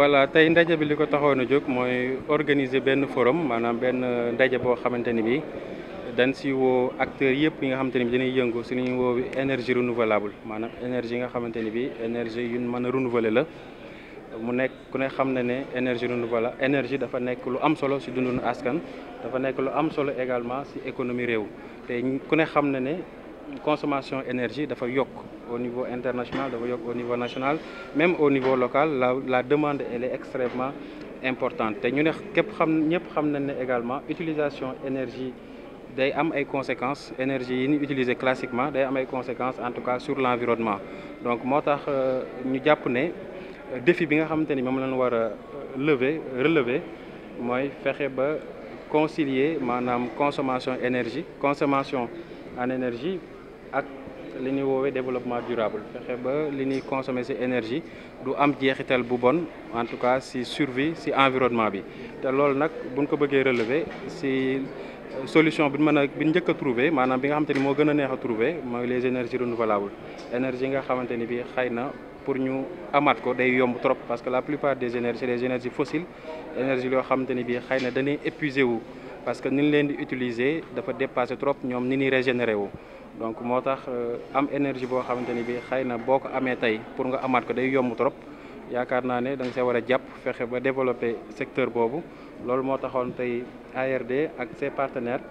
voilà tey ndaje bi li ko taxoon a jóg mooy organiser benn forum maanaam benn euh, ndaje boo xamante ni bi dan si woo acteurs yëpp yi nga xamante ni bi dañuy yëngu si li ñu woo énergie renouvelable maanaam énergie nga xamante ni bi énergie yu mën a renouveler la mu nekk ku ne xam na ne énergie renouvelable énergie dafa nekk lu am solo si dundun askan dafa nekk lu am solo également si économie réew te ku ne xam na ne consommation énergie dafa yokk au niveau international au niveau national même au niveau local la la demande elle est extrêmement importante Nous ñu également utilisation énergie day am conséquences énergie utilisée classiquement a des conséquences en tout cas sur l'environnement donc nous euh, avons ñu euh, défi que nous avons lever relever concilier la consommation énergie consommation en énergie li ñuy woowee développement durable fexe ba li ñuy consommer ci énergie du am jeexital bu bon en tout cas ci survie ci environnement bi te loolu nag buñ ko bëggee relever ci euh, solution bi mën a bi njëkk a trouver maanaam bi nga xamante ni moo gën a neex a trouver mooy les énergies renouvelables énergie nga xamante ni bi xëy na pour ñu amaat ko day yomb trop parce que la plupart des énergies les énergies fossiles énergie yoo xamante ni bi xëy na dañuy épuisé wu parce que ni ñu leen di utiliser dafa dépasser trop ñoom ni ñuy régénérer wu donc moo tax euh, am énergie boo xamante ni bi xëy na boo ko amee tey pour nga amaat ko day yomb trop yaakaar naa ne da nga see war a jàpp fexe ba développer secteur boobu loolu moo taxoon tey ARD ak ses partenaires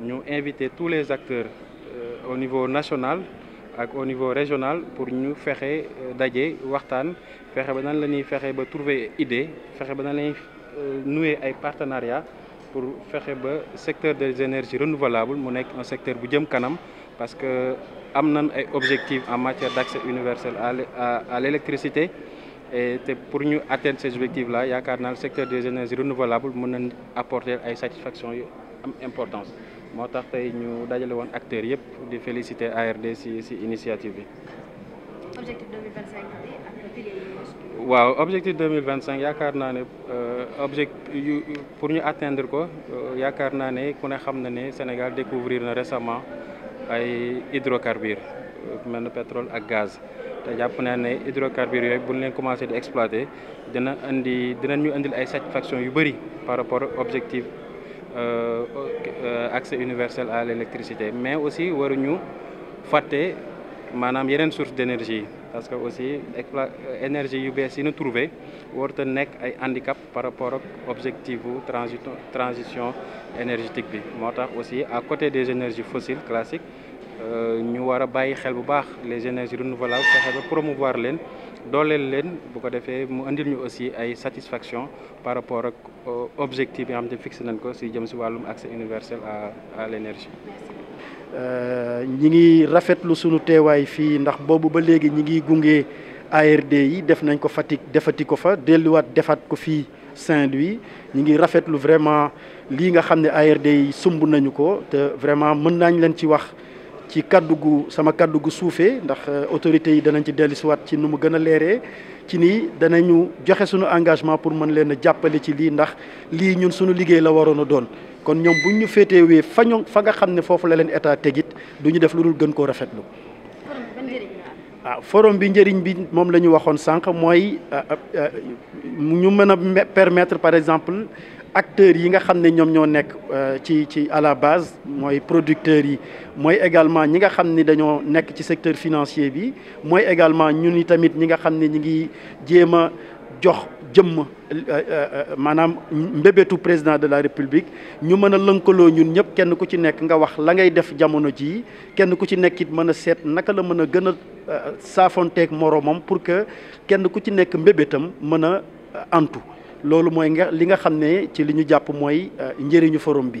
ñu invité tous les acteurs euh, au niveau national ak au niveau régional pour ñu fexe euh, daje waxtaan fexe ba nan la ñuy fexe ba trouver idée fexe ba nan lañuy nouer ay partenariat pour fexe ba secteur des énergies renouvelables mu nekk un secteur bu jëm kanam parce que nous avons un objectifs en matière d'accès universel à l'électricité et pour nous atteindre ces objectifs là le secteur des énergies renouvelables nous apporter une satisfaction importante. am importance moo que nous ñu féliciter ARD ci cette initiative objectif 2025 objectif 2025 euh, pour nous atteindre ko euh, y a ku ne xam Sénégal découvrir récemment. ay hydrocarbures mel na pétrole ak gaz te jàpp naa ne hydrocarbures yooyu bu ñu leen commencé di exploiter dina indi dina ñu indil ay satisfaction yu bëri par rapport objectif euh, accès universel à l'électricité mais aussi waruñu fàtte maanaam yeneen source d'énergie parce que aussi euh, énergie nous yi trouvé handicap par rapport ak objectif la transition énergétique bi aussi à côté des énergies fossiles classiques nous wara fait les énergies renouvelables ça promouvoir leen dolel leen bu ko défé mu aussi ay satisfaction par rapport ak euh, objectif yi nga fixé si jëm ci accès universel à l'énergie. ñi ngi rafetlu sunu teewaay fii ndax boobu ba léegi ñi ngi gunge ARD yi def nañ ko Fatick defati ko fa delluwaat defaat ko fii Saint-Louis ñi ngi rafetlu vraiment lii nga xam ne ARD yi sumb nañu ko te vraiment mën nañ leen ci wax ci kaddu gu sama kàddu gu suufee ndax euh, autorités yi danañ ci dellusiwaat ci nu mu gën a leeree ci nii danañu joxe sunu engagement pour mën leen a jàppale ci lii ndax lii ñun sunu liggéey la waroon a doon. kon ñom buñ ñu wé fa ñoom fa nga xamné fofu la leen état tégit duñu def loolu gën ko rafetlu. Ah, forum bi njëriñ bi mom lañu waxon sank moy ñu ah, ah, mëna permettre par exemple acteurs yi nga xamné ñom ñoom ñoo nekk euh, ci ci à la base moy producteurs yi moy également ñi nga xamné dañoo nek ci secteur financier bi moy également ñun tamit ñi nga xamné ñi ngi jéem jox jëmm euh, euh, maanaam mbébétu président de la république ñu mën a lënkaloo ñun ñëpp kenn ku ci nekk nga wax la ngay def jamono jii kenn ku ci nekkit it mën a seet naka la mën a gën a euh, saafonteeg moroomam pour que kenn ku ci nekk mbébétam mën a antu loolu mooy nga li nga xam ne ci li ñu jàpp mooy njëriñu forum bi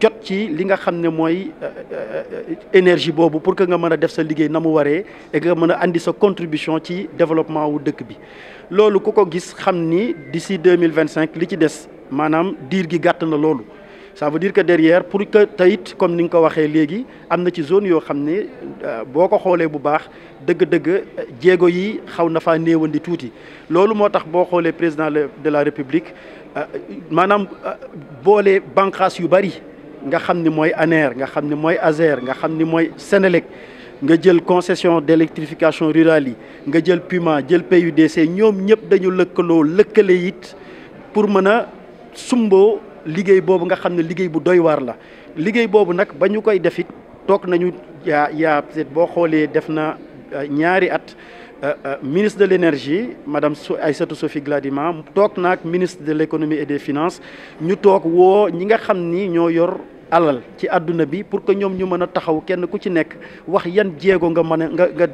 jot ci li nga euh, euh, énergie pour que nga mëna def sa et nga andi contribution ci développement wu dëkk bi lolu kuko gis xamni d'ici 2025.. li ci ça veut dire que derrière pour que tayit comme ni ko ci zone yo xamné euh, bu baax yi président de la république manam bolé yu bari nga xamni moy ANER nga xamni moy azer nga xamni moy mooy nga jël concession d'électrification rurale yi nga jël Puma jël PUDC ñom ñep dañu lëkkaloo lëkkale yit pour mëna sumbo liguey bobu nga xamni liguey bu doy war la liguey bobu nak ba ñu koy def it nañu ya yaa peut être boo xoolee def euh, ñaari at euh, euh, ministre de l'énergie madame Aïssatou Sophie Gladima tok nak ministre de l'économie et des finances ñu tok wo ñi nga xamni ño yor alal ci àdduna bi pour que ñoom ñu mën a taxaw kenn ku ci nekk wax yan jéego nga mën a nga nga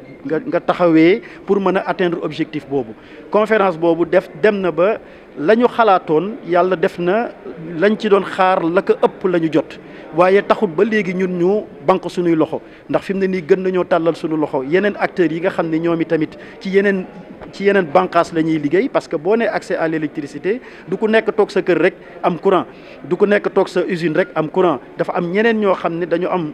nga taxawee pour mën a atteindre objectif boobu conférence boobu def dem na ba la ñu xalaatoon yàlla def na lañ ci doon xaar la ko ëpp la ñu jot waye taxut ba léegi ñun ñu bank suñuy loxo ndax fi ni gën nañoo talal suñu loxo yenen acteurs yi nga xam ñomi tamit ci yenen ci yenen bànqaas lañuy ñuy liggéey parce que bo né accès à l'électricité du ku nekk tok sa kër rek am courant du ku nekk tok sa usine rek am courant dafa am ñeneen ño xam dañu am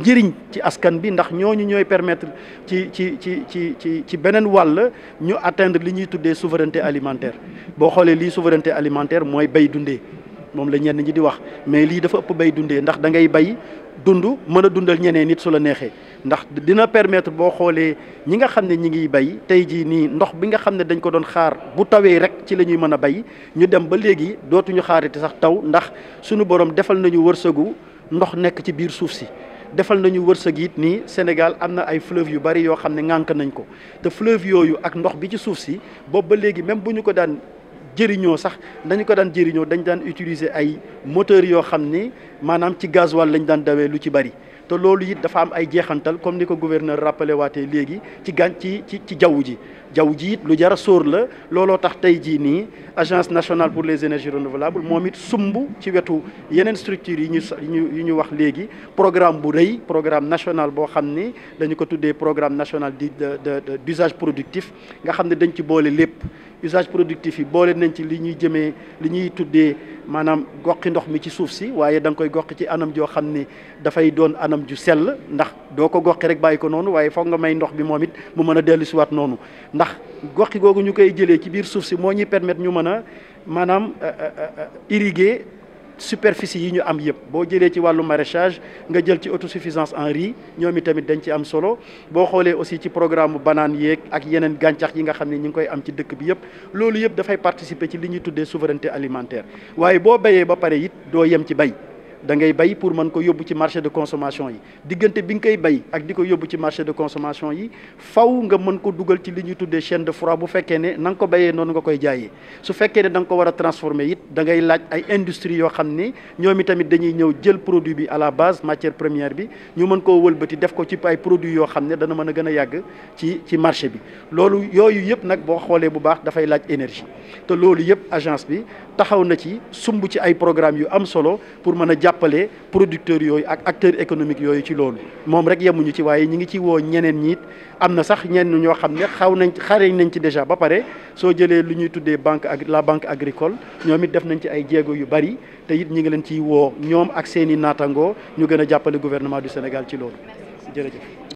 njëriñ ci askan bi ndax ñooñu ñooy permettre ci ci ci ci ci ci beneen wàll ñu atteindre li ñuy tuddee souveraineté alimentaire boo xoolee lii souveraineté alimentaire mooy bay dundee mom la ñenn ñi di wax mais li dafa ëpp bay dundé ndax da ngay bay dundu mëna dundal ñene nit su la nexé ndax dina permettre bo xolé ñi nga xamné ñi ngi bay tay ji ni ndox bi nga xamné dañ ko doon xaar bu tawé rek ci lañuy mëna bay ñu dem ba léegi dootuñu xaarati sax taw ndax suñu borom defal nañu wërsegu ndox nekk ci biir suuf si defal nañu wërsëg it ni Sénégal amna ay fleuve yu bari yo xamné ngank nañ ko te fleuve yoyu ak ndox bi ci suuf si bo ba légui même buñu ko daan jëriñoo sax nañu ko daan jëriñoo dañ daan utiliser ay moteurs yoo xam ni maanaam ci gasoil lañ daan dawee lu ci bari te loolu it dafa am ay jeexantal comme ni ko gouverneur rappelé waatee léegi ci gan ci ci ci jaww ji jaww ji it lu jara sóor la looloo tax tey jii nii agence nationale pour les énergies renouvelables moom it sumb ci wetu yeneen structure yi ñu yi ñu wax léegi programme bu rëy programme national boo xam ni dañu ko tuddee programme national di de d'usage productif nga xam ne dañ ci boole lépp usage productif yi boole nañ ci li ñuy jëmee li ñuy tuddee maanaam goqi ndox mi ci suuf si waaye da nga koy goqi ci anam joo xam ni dafay doon anam ju sell ndax doo ko goqi rek bàyyi ko noonu waaye foog nga may ndox bi moom it mu mën a dellu siwaat noonu ndax goqi googu ñu koy jëlee ci biir suuf si moo ñuy permettre ñu mën a maanaam euh, euh, euh, irriguer superficie yi ñu am yépp boo jëlee ci wàllu maraîchage nga jël ci autosuffisance en riz ñoom itamit dañ ci am solo boo xoolee aussi ci programme banane yeeg ak yeneen gàncax yi nga xam ne ñu ngi koy am ci dëkk bi yëpp loolu yëpp dafay participer ci li ñuy tuddee souveraineté alimentaire waaye boo béyee ba pare it doo yem ci bay dangay bay pour man ko petit ci marché de consommation yi diggante bi koy bay ak diko ko ci marché de consommation yi faw nga man ko dugal ci liñu tuddé chaîne de froid bu féké né nang ko bayé noonu nga koy su féké né dang ko wara transformer yit dangay laaj ay industrie yo xamné ne tamit dañuy ñëw jël produit bi à la base matière première bi ñu man ko wëlbeuti def ko ci ay produit yo xamné ne dana mëna gëna yagg ci ci marché bi lolu yoyu yëpp nak bo xolé bu baax fay laaj énergie té lolu yëpp agence bi taxaw na ci sumbu ci ay programme yu am solo pour mëna jàppale producteur yooyu ak acteur économiques yooyu ci loolu moom rek yemuñu ci waaye ñi ngi ci woo ñeneen ñiit am na sax ñenn ñoo xam ne xaw nañ xareñ nañ ci déjà ba pare soo jëlee lu ñuy tuddee banque agri la banque agricole ñoom it def nañ ci ay jéego yu bari te it ñi ngi leen ciy woo ñoom ak seeni naatangoo ñu gën a jàppale gouvernement du Sénégal ci loolu jërëjëf